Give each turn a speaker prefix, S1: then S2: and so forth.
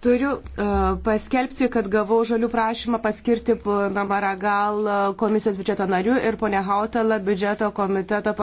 S1: Turiu e, paskelbti, kad gavau žalių prašymą paskirti Namaragal e, komisijos biudžeto nariu ir ponę Hautalą biudžeto
S2: komiteto